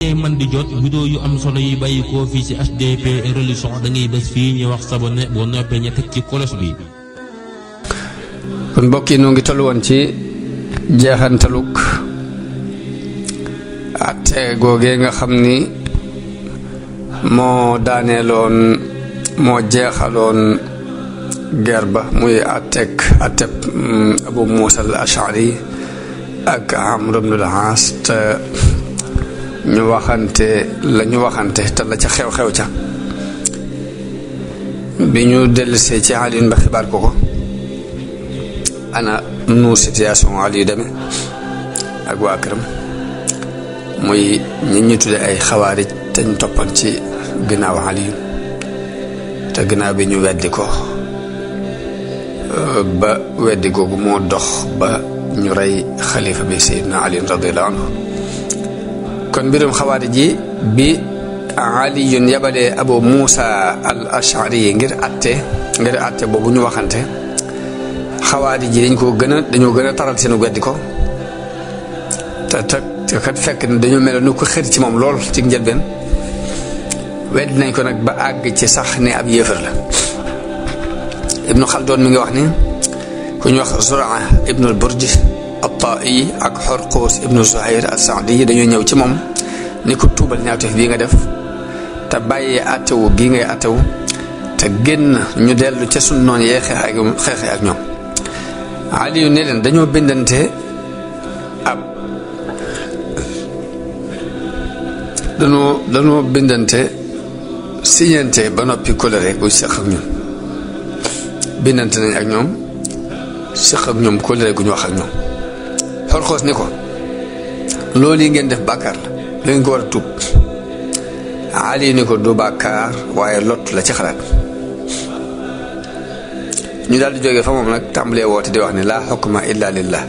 man di jot vidéo yu am solo yi bàyyi fii ci HDP religion da ngay fii ñu wax sabone boo noppee ña teg ci kolos bi kon mbokk yi noo ngi tollu woon ci jeexantaluk atte googee nga xam ni moo daaneeloon moo jeexaloon guerre ba muy attek atteb mm, Abu Muusa Ashari ak Amr ibn al As ñu waxante la waxante te la ca xew-xew ca bi ñu dellusee ci Alioune ba xibaar ko ko ana nu situation Aliou deme ak waa këram muy ñi ñu tudde ay xawaarij te ñu toppoon ci ginnaaw Aliou te ginnaaw bi ñu weddi ko euh, ba weddi googu moo dox ba ñu rey xalifa bi Seydina Alioune radiyallahu anhu kon mbirum xawaarij yi bi aliyun yabalee abu muusa al ashari yi ngir atte ngir atte boobu ñu waxante xawaarij yi dañ koo gën a dañoo gën a taral seenu weddi ko te te kat fekk ne dañoo mel nu ko xër ci moom lool ci njëlbeen wedd nañ ko nag ba àgg ci sax ne ab yéefar la ibnu xaldoon mi ngi wax ni ku ñu wax zuraa ibnu al burj Taa'i ak Xorqoos ibnu Zuhayr as-Saadi ñëw ci moom ni ko tuubal ñaawteef bii nga def te bàyyee àttewu bii ngay àttewu te génn ñu dellu ca suñ noonu yee xeex ak ñoom Aliyu ne dañoo bindante ab dañoo dañoo bindante siñante ba noppi coloré bu seq ak ñun bindante nañ ak ñoom seq ak ñoom coloré gu ñu wax ak ñoom xorxoos ni ko loolu yi ngeen def bàkkaar la da ngeen ko war a tuub Ali ni ko du bàkkaar waaye lot la ci xalaat ñu daal di jógee fa moom nag tàmbalee woote di wax ni laa xukma illa lillah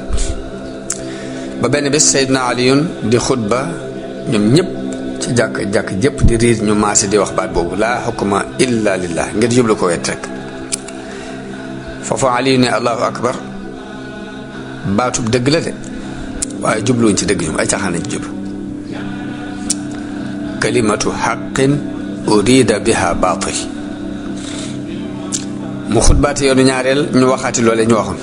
ba benn bés Seydina Aliyun di xutba ñoom ñëpp ci jàkk-jàkk jëpp di riir ñu maase di wax baat boobu laa xukma illa lillah ngir jublu ko wet rek foofu Aliyu ne allahu akbar baatub dëgg la de waaye jubluwuñ ci dëgg ñoom ay caaxaan lañ ci ñu waxaati loole ñu waxoon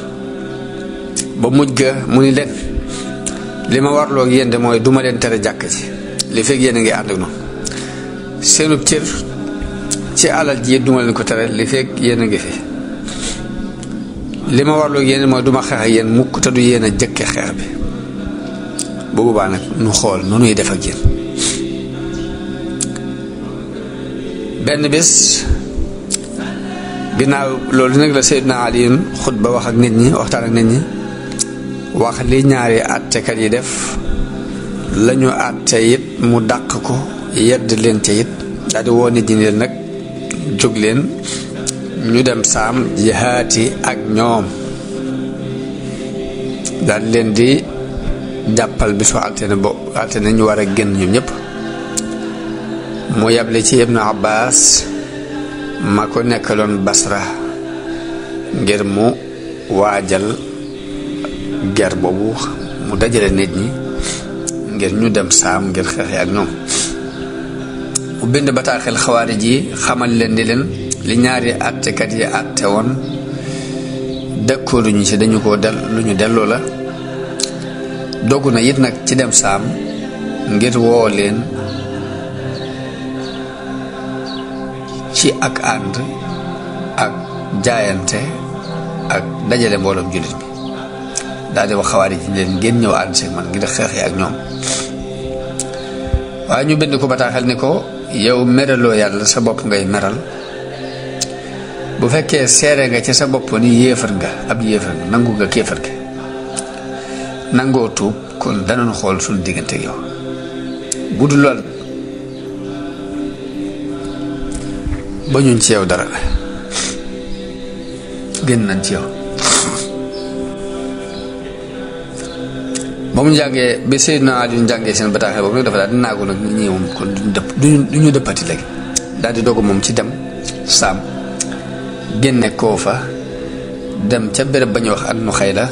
ba ga mu ni li ma warloo ak mooy duma leen tere jàkk ji li fekk yéen a ngi ànd ak noonu seenub cër ci alal ji duma leen ko tere li fekk yéen ngi fi li ma warloo ak mooy duma xeex ak yéen mukk te du yéen a xeex bi bu boobaa nag nu xool nu nuy def ak yéen benn bés ginnaaw loolu nag la Seydina Aliyun xutba wax ak nit ñi waxtaan ak nit ñi wax li ñaari àttekat yi def lañu àtte it mu dàq ko yedd leen te it daldi woo nit ñi leen nag jóg leen ñu dem saam jihaati ak ñoom daal leen di jàppal bisu altine boobu altine ñu war a génn ñu ñépp mu yable ci ibnu abbas ma ko nekkaloon basra ngir mu waajal ger boobu mu dajale nit ñi ngir ñu dem saam ngir xeexe ak ñoom mu bind bataaxel xawaarij yi xamal leen di leen li ñaari àttekat yi àtte woon dëkkooruñu ci dañu ko del lu ñu delloo la dogu na it nag ci dem saam ngir woo leen ci ak ànd ak jaayante ak dajale mbooloom jullit bi daal di wax xawaari ji leen ngeen ñëw ànd si man ngir xeexee ak ñoom waaye ñu bind ko bataaxal ni ko yow meraloo yàlla sa bopp ngay meral bu fekkee seere nga ci sa bopp ni yéefar nga ab yéefar nga nangu nga kéefar nga nangoo tuub kon danañ xool suñu diggante ak yow bu dul lool ba ñun ci yow dara génn nañ ci yow ba mu jàngee ba Seydina Ali jàngee seen bataaxel boobu nag dafa daal di naagu nag ñii moom kon duñu dëpp duñu duñu dëppati léegi daal di dogu moom ci dem saam génne koofa dem ca béréb ba ñu wax ak nu xëy la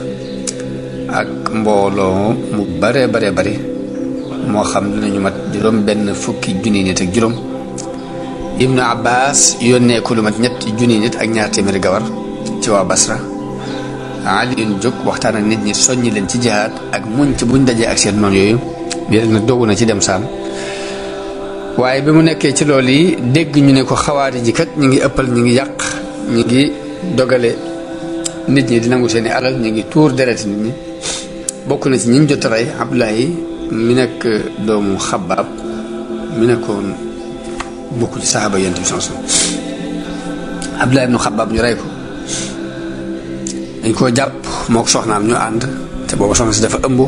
ak mbooloo mu bare bare bare moo xam dinañu mat juróom benn fukki junni nit ak juróom ibnu abbas yónnee ko lu mat ñetti junni nit ak ñaar téeméeri gawar ci waa basra ali un jóg waxtaan ak nit ñi soññi leen ci jihaad ak muñ ci buñ dajee ak seen noonu yooyu yéen na dogu na ci dem saam waaye bi mu nekkee ci loolu yi dégg ñu ne ko xawaari ji ñu ngi ëppal ñu ngi yàq ñu ngi dogale nit ñi di nangu seen i alal ñu ngi tuur deret nit ñi بكون سنين جتري عبلاي منك دوم خباب منكون بكون صاحب ينتم شانسون عبلاي ابن خباب نرايكو نكو جاب موك شوخنا نيو عند تبو شوخنا سدف أمبو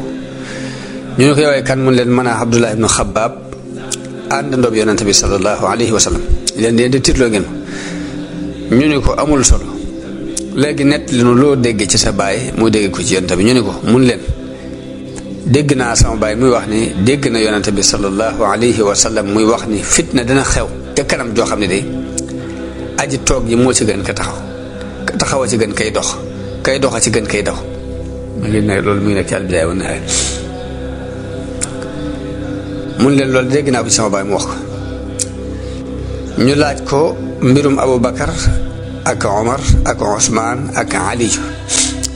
نيو كيو كان من منا عبد الله ابن خباب عند دوب ينتبي صلى الله عليه وسلم لأن دي دي تيرلو جن نيو نكو أمول سولو لكن نت لنو لو ديجي تسا باي مو ديجي كو جيان dégg naa sama baay muy wax ni dégg na yonante bi sallallahu alayhi wa sallam muy wax ni fitna dina xew te kanam joo xam ne de aji toog yi moo ci gën ka taxaw ka taxaw a ci gën kay dox kay dox a ci gën kay dox mu ngi loolu mu ngi nekk ci leen loolu dégg naa ko ci sama baay mu wax ko ñu laaj ko mbirum Abu Bakar ak Omar ak Ousmane ak Ali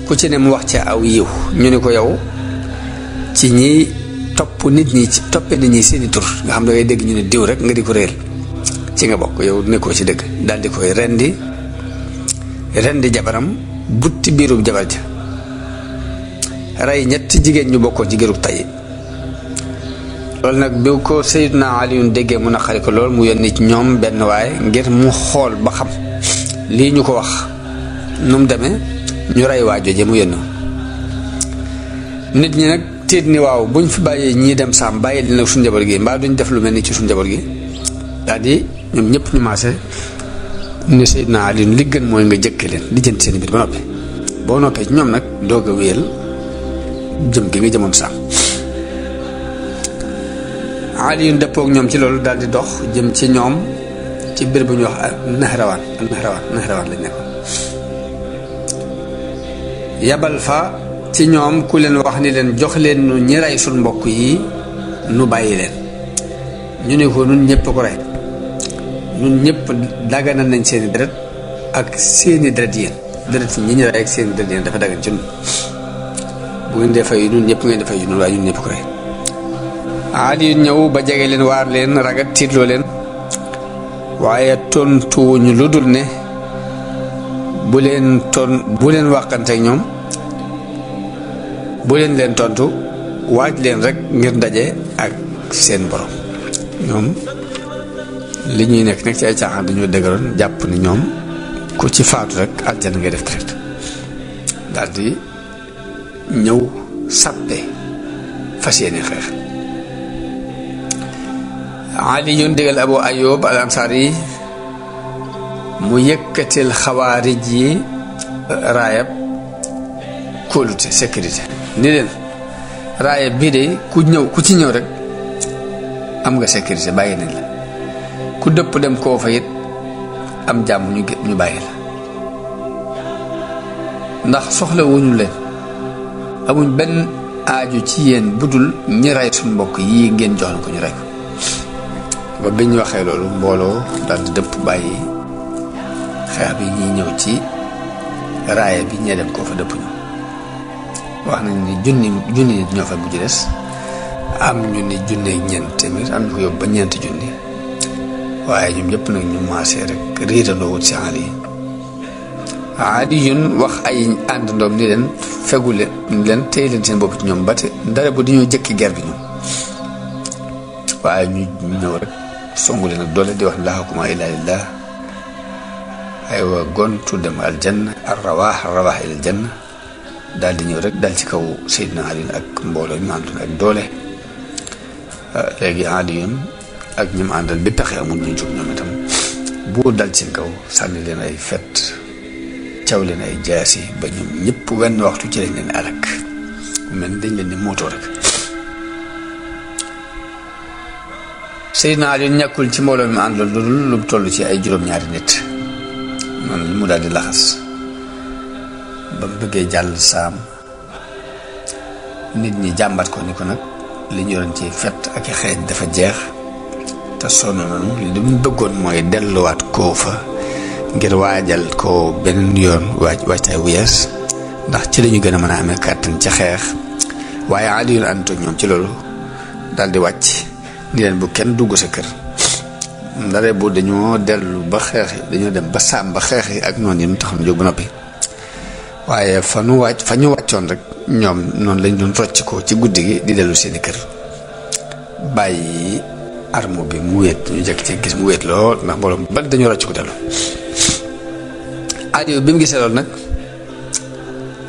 ku ci ne mu wax ci aw yiw ñu ne ko yow ci ñi topp nit ñi ci topp nit ñi seeni tur nga xam ne dangay dégg ñu ne diw rek nga di ko réer ci nga bokk yow nekkoo ci dëgg daal di koy rendi rendi jabaram butti biiru jabar ja rey ñett jigéen ñu bokkoon ci gërub tay loolu nag bi ko Seydina Aliyun déggee mu naqari ko lool mu yónni ci ñoom benn waay ngir xool ba xam ñu ko wax nu mu ñu rey waa jooje mu nit ñi nag tiit ni waaw ñu fi bàyyee ñii dem saam bàyyi dina suñ njaboot gi mbaa duñ def lu mel ni ci suñ njaboot gi daal di ñoom ñëpp ñu maase ne Seydina Ali li gën mooy nga jëkk leen di jënd seen biir ba noppi boo noppee ci ñoom nag doog a wéyal jëm gi nga jëmoon saam Aliyun dëppoog ñoom ci loolu daal di dox jëm ci ñoom ci biir bu ñuy wax Nahrawaan Nahrawaan Nahrawaan lañ nekk yabal fa ci ñoom ku leen wax ni leen jox leen nu ñi rey suñ mbokk yi nu bàyyi leen ñu ne ko nun ñëpp ko rey nun ñëpp daganal nañ seeni deret ak seeni deret yéen deret ñi ñu rey ak seeni deret yéen dafa dagan ci nun bu ngeen dee fay nun ñëpp ngeen dee fay nun waaye ñun ñëpp ko rey Aliyu ñëw ba jege leen waar leen ragat tiitloo leen waaye tontuwuñu lu dul ne bu leen ton bu leen wàqante ñoom bu leen leen tontu waaj leen rekk ngir daje ak seen borom ñoom li ñuy nekk nekk ci ay caaxaan dañoo dëgëroon jàpp ni ñoom ku ci faatu rekk aljana ngay def direct daldi ñëw sàppe fas yéene xeex ali yun digal abu ayub al mu yëkkatil xawaarij yi raayab kóolute sécurité ni leen raaya bii de ku ñëw ku ci ñëw rek am nga sécurité bàyyi nañ la ku dëpp dem koo fa it am jàmm ñu ñu bàyyi la ndax soxla wuñu leen amuñ benn aaju ci yéen budul ñi rey suñu mbokk yi ngeen joxoon ko ñu rey ko ba waxee loolu mbooloo daal di dëpp bàyyi xeex bi ñuy ñëw ci raaya bi ñee dem koo fa dëpp ñu wax nañ ni junni junni nit ñoo fa mujj des am ñu ni junneeg ñeent téeméer am na ko yóbbu ba ñeenti junni waaye ñëpp nag ñu rek riitandoo wut si àll yi aadi wax ay àndandoom ni leen leen ni leen leen seen bopp ci ñoom ba te dara bu di ñoo jëkki ger bi ñu ñëw rek songu leen doole di wax laa hukma illaa lillaah aywa gontu dem aljanna arrawaax arrawaax ilal janna daal di ñëw rek dal ci kaw Seydina Ali ak mbooloo ñu àndoon ak doole ah, léegi Ali ak ñi mu àndal bi pexe amul ñu jóg ñoom itam buur dal ci kaw sànni leen ay fet caw leen ay jaasi ba ñoom ñëpp wenn waxtu ci lañ leen alak mel dañ leen di mootoo rek Seydina Ali ñàkkul ci mbooloo mi lu toll ci ay juróom-ñaari nit mu daal di laxas bëggee jàll saam nit ñi jàmbat ko ni ko nag li ñu doon ci fett ak i xeej dafa jeex te sonn nañu li ñu bëggoon mooy delluwaat koo fa ngir waajal ko beneen yoon waaj waajtaay wu yees ndax ci la ñu gën a mën a amee kàttan ci xeex waaye Alioune ànd ak ñoom ci loolu daal di wàcc ni leen bu kenn dugg sa kër ndare bu dañoo dellu ba xeex dañoo dem ba saam ba xeex ak noonu yi mu taxam jóg ba noppi waaye fa nu wàcc fa ñu wàccoon rek ñoom noonu lañ doon rocc ci guddi gi di dellu seeni kër bàyyi armo bi mu wéet ñu jekk ci gis mu wéet lool ndax mbooloom bari dañu rocc ko dellu aajo bi mu gisee loolu nag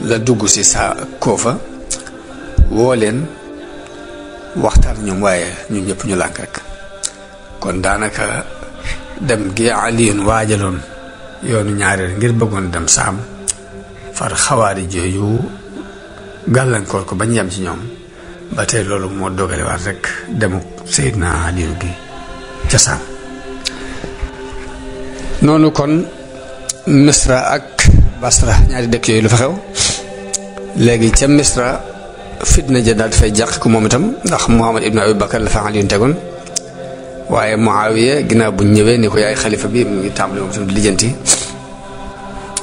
la dugg si sa koofa woo leen waxtaan ñoom waaye ñu ñëpp ñu lànk rek kon daanaka dem gi Aliyun waajaloon yoonu ñaareel ngir bëggoon dem saam far xawaari jooju gàllankoor ko bañ yam ci ñoom ba tey loolu moo dogalewaat rek demu Seydina Aliyu gi cosaan noonu kon misra ak basra ñaari dëkk yooyu lu fa xew léegi ca misra fitna ja daal dafay jàq ko moom itam ndax Muhammad ibnu Abi Bakar la fa Aliyu tegoon waaye yee ginnaaw bu ñëwee ni ko yaay xalifa bi mu ngi tàmbali moom itam di lijjanti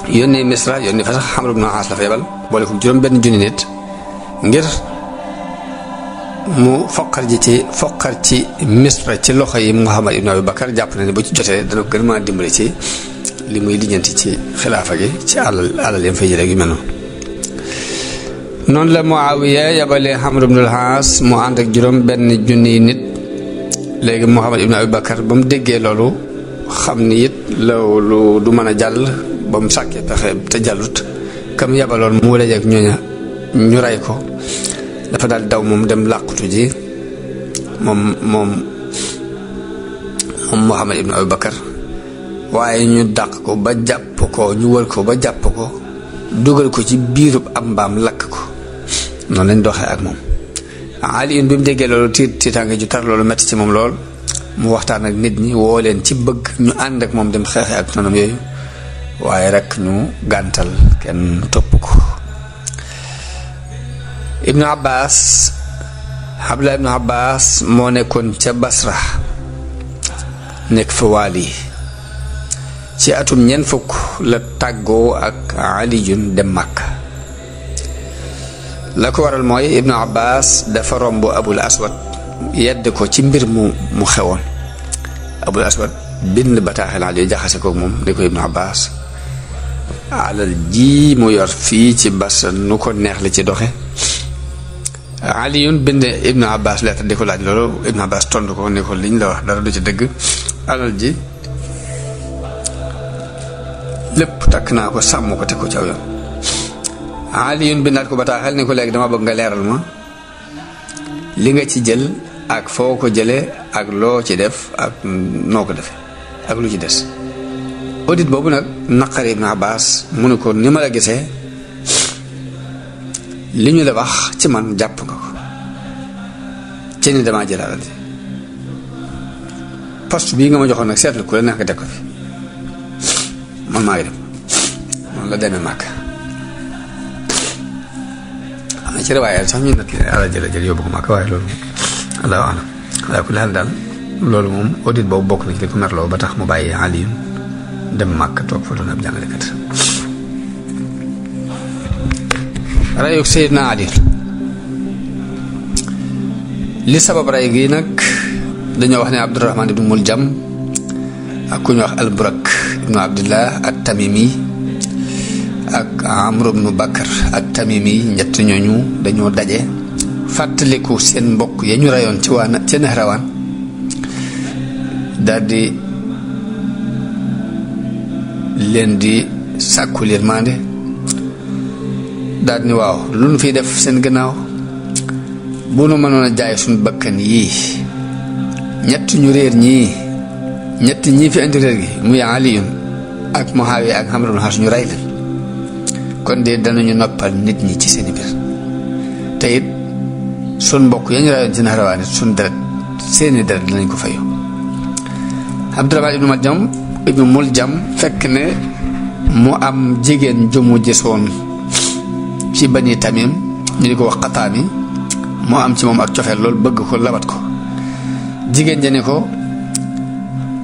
yónnee misra yónnee fa sax Amru ibn la fa yebal boole ko juróom benn junni nit ngir mu foqar ji ci foqar ci misra ci loxo yi Muhammad ibn Abi Bakar jàpp na ne bu ci jotee dana gën maa dimbali ci li muy lijjanti ci xilaafa gi ci alal alal yam fay jëlee yu mel noonu noonu la Muawiya yabalee Amr ibn al-Aas mu ànd ak juróom benn junniy nit léegi Muhammad ibn Abi Bakar ba mu déggee loolu xam ni it loolu du mën a jàll ba mu sàkkee pexe te jàllut kam yabaloon mu wëlëjeek ñooña ñu rey ko dafa daal daw moom dem làqutu ji moom moom moom Muhammad ibnu Abi Bakar waaye ñu dàq ko ba jàpp ko ñu wër ko ba jàpp ko dugal ko ci biirub ab mbaam lakk ko noonu lañ doxee ak moom Ali bi mu déggee loolu tiit tiitaange ju tar loolu metti ci moom lool mu waxtaan ak nit ñi woo leen ci bëgg ñu ànd ak moom dem xeexee ak noonam yooyu waye rek ñu gàntal kenn top ko ibnu abbas habla ibnu abbas mo ne kon ci basra nek fi wali ci atum ñen fuk la taggo ak ali jun dem màkk la ko waral moy ibnu abbas da fa romb abul aswad yedd ko ci mbir mu mu xewon abul aswad bind bataaxel ali jaxase ko mom ne ko ibnu abbas alal ji mu yor fii ci Barça nu ko neex la ci doxe Aliyun bind Ibnu Abbas lettre di ko laaj loolu Ibnu Abbas tontu ko ne ko liñ la wax dara du ci dëgg alal ji lépp takk naa ko sàmm ko teg ko ci aw yoon Aliyun bindaat ko bataaxal ni ko léegi dama bëgg nga leeral ma li nga ci jël ak foo ko jële ak loo ci def ak noo ko defe ak lu ci des audit boobu nag naqari Ibn baas mu ne ko ni ma la gisee li ñu la wax ci man jàpp nga ko ci ni damaa jëlaat poste bii nga ma joxoon nag seetlu ku la neex nga teg ko fi man maa ngi dem noonu la demee màkk am na ci riwaaya sax ñu nett ala jëla jël yóbbu ko màkk waaye loolu allahu alam moom audit boobu bokk na ci li ko merloo ba tax mu bàyyi aliyun dem màkk toog li sabab rey gi nag dañoo wax ne Abdurahmaan ibnu Muljam ak ku ñu wax Alburak ibnu Abdillah at Tamimi ak Amru ibnu Bakar at Tamimi ñett ñooñu dañoo daje fàttaliku seen mbokk ya ñu reyoon ci waa ca daldi leen di sàkku yërmande daal ni waaw lu nu fiy def seen gannaaw bu nu mënoon a jaay suñu bakkan yii ñett ñu réer ñii ñett ñii fi andi réer gi muy aliyun ak muhaawiya ak xamrun xas ñu rey leen kon de danañu noppal nit ñi ci seeni biir te it mbokk yañu rayoon ci naxarawaan it deret seeni deret danañ ko fayu Abdurahmaan ibnu Maljam ibnu muljam fekk ne mu am jigéen ju mu gisoon ci bani tamim ñu di ko wax xataami moo am ci moom ak cofeel loolu bëgg ko labat ko jigéen ja ne ko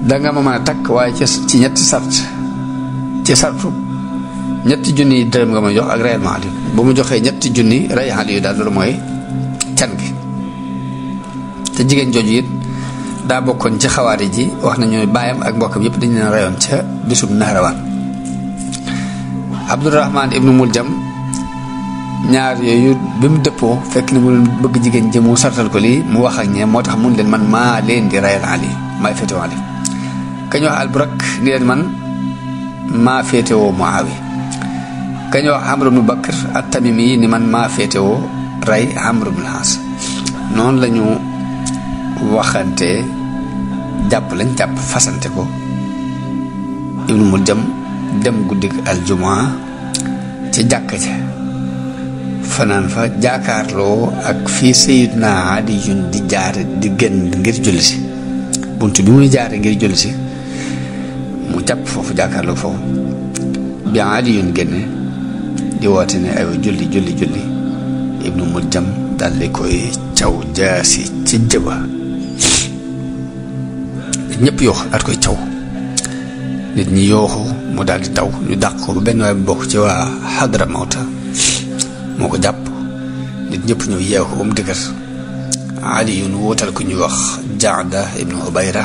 danga ma mën a takk waaye ci ñetti sart ci sartu ñetti junni dërëm nga ma jox ak rayal ma aliyu bu mu joxee ñetti junni rey aliyu daal loolu mooy can gi te jigéen jooju it daa bokkoon ci xawaari ji wax nañu baayam ak mbokkam yépp dañu leen rayoon ca bisub naharawaan abdurahmaan ibnu muljam ñaar yooyu bi mu dëppoo fekk ni mu bëgg jigéen ji mu sartal ko lii mu wax ak ñee moo tax mun leen man maa leen di rayal ali maay féetewoo ali kañ wax alburak ni leen man maa féetewoo muawi kañ wax amru bnu at tamimi yi ni man maa féetewoo rey amru bnu noonu lañu waxante jàpp lañ jàpp fasante ko ibnu mu jëm dem guddik aljumaa ci jàkk ca fanaan fa jaakaarloo ak fii Sayyidina Adi yun di jaar di génn ngir julli si bunt bi muy jaare ngir julli si mu jàpp foofu jàkkaarloo foofu bi Adi yun génne di woote ne ay julli julli julli ibnu mu jëm daldi koy caw jaasi ci jëba ñépp yoo daal koy caw nit ñi yooxu mu daldi taw ñu dàq ko ba benn waay bu bokk ci waa xadra mawta moo ko jàpp nit ñëpp ñëw yeew ko ba mu dëgër aliyun wóotal ku ñuy wax jaada ibnu ubayra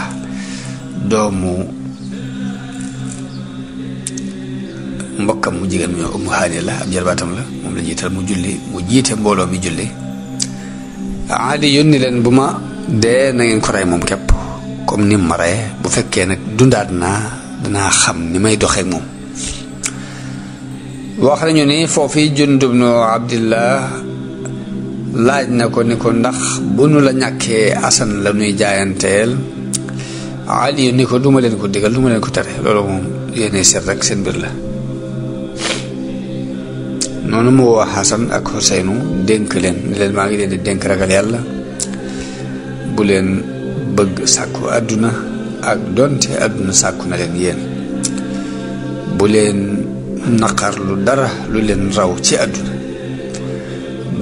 doomu mbokkam mu jigéen mu umu haani la ab jarbaatam la moom la jiital mu julli mu jiite mbooloo mi julli aliyun ni leen bu ma dee na ngeen moom képp comme ni mare bu féké nak dundat na dana xam ni may doxé mom wax nañu ni foofi jund ibn abdullah laaj na ko ni ko ndax bu nu la ñaké asan la nuy jaayantel ali ni ko duma len ko digal duma len ko tere lolu mom yene sét rek seen bir la nonu mu wa hasan ak xuseynu denk len ni ma ngi len denk ragal yalla bu len bëgg sàkku àdduna ak donte àdduna sàkku na leen yéen bu leen naqar lu dara lu leen raw ci àdduna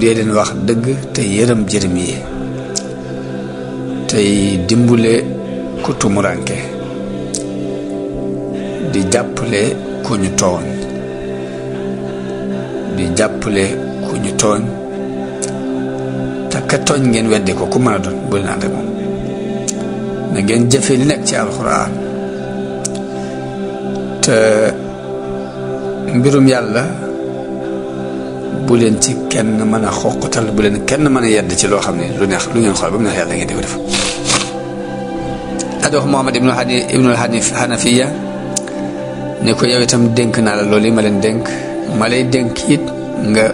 dee leen wax dëgg te yërëm jërëm yi tey dimbule ku tumuranke di jàppale ku ñu tooñ di jàppale ku ñu tooñ te ka tooñ ngeen weddi ko ku mën doon bu leen ànd moom na ngeen jëfe li nekk ci alxuraan te mbirum yàlla bu leen ci kenn mën a xoqatal bu leen kenn mën a yedd ci loo xam ne lu neex lu ngeen xool ba mu neex yàlla ngeen di ko def daa Muhammad ibnu Hanif Hanafiya ne ko yow itam dénk naa la loolu ma leen dénk ma lay dénk it nga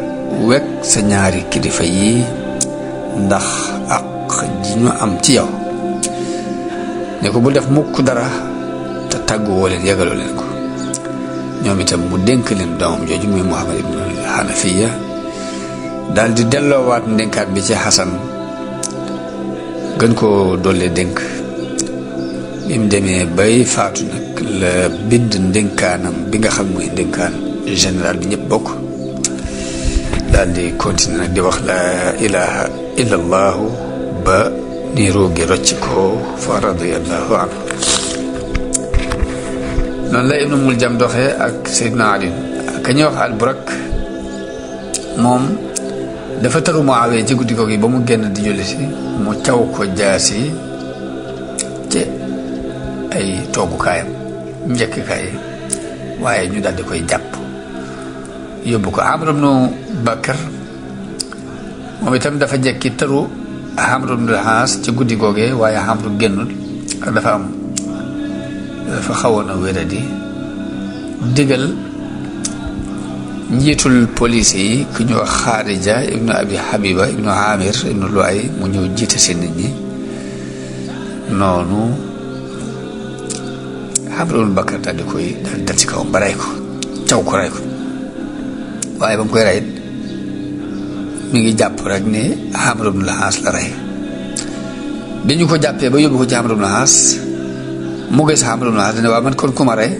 wekk sa ñaari kilifa yii ndax ak ji ñu am ci yow ne ko bul def mukk dara te tàggu woo leen yëgaloo leen ko ñoom itam mu dénk leen doomam jooju muy Muhammad ibnu Hanafiya daal di delloowaat ndénkaat bi ci Xasan gën koo dolle dénk bi mu demee bay faatu nag la bind ndénkaanam bi nga xam mooy ndénkaan général bi ñëpp bokk daal di continuer nag di wax laa ilaha illa allahu ba di ruugi rocc ko fa radiyallahu anhu noonu la ibnu muljam doxee ak seydna ali ka ñuy wax alburak moom dafa taru Muawiya ci guddi googu ba mu génn di julli si mu caw ko jaasi ci ay toogukaayam njëkkikaay waaye ñu daal di koy jàpp yóbbu ko Amr ibnu Bakar moom itam dafa jekki taru Amru bnul ci guddi googee waaye Amru génnul dafa am dafa xawoon a wéradi digal njiitul police yi ku ñoo Xaarija ibnu Abi Habiba ibnu Amir ibnu Luay mu ñëw jiite si nit ñi noonu Amru bnul Bakar di koy daal di dal ci kawam ba rey ko caw ko rey ko waaye ba mu koy rey mi ngi jàpp rek ne Amr ibn al-As la rey bi ñu ko jàppee ba yóbbu ko ci Amr ibn al-As mu gis Amr ibn al-As dina waaw man kon ku ma rey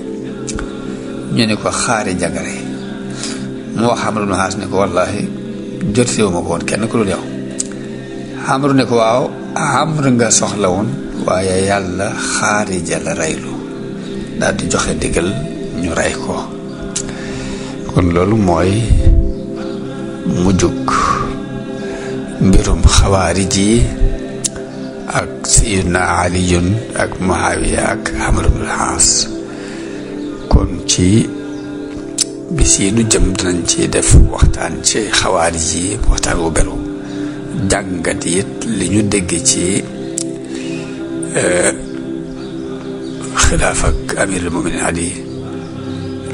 ñu ne ko xaari jagare mu wax Amr ibn al-As ne ko wallaahi jot si ma ko woon kenn ku dul yow Amr ne ko waaw Amr nga soxla woon waaye yàlla xaari jala reylu daal di joxe ndigal ñu rey ko kon loolu mooy mu jóg mbirum xawaarij ji ak sayidna aliyun ak muawiya ak amru bnul kon ci bis yi jëm dinañ ci def waxtaan ci xawaarij yi waxtaan wu beru jàngat it li ñu dégg ci e, xilaaf ak amirul muminin ali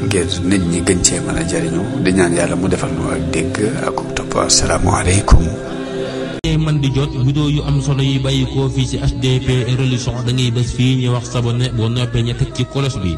ngir nit ñi gën cee mën a jëriñu di ñaan yàlla mu defal nu ak dégg ak topp asalaamaaleykum te man di jot video yu am solo yi bayiko fi ci HDP religion da ngay bes fi ñu wax sa abonné boo noppee ñi tek ci colosse bi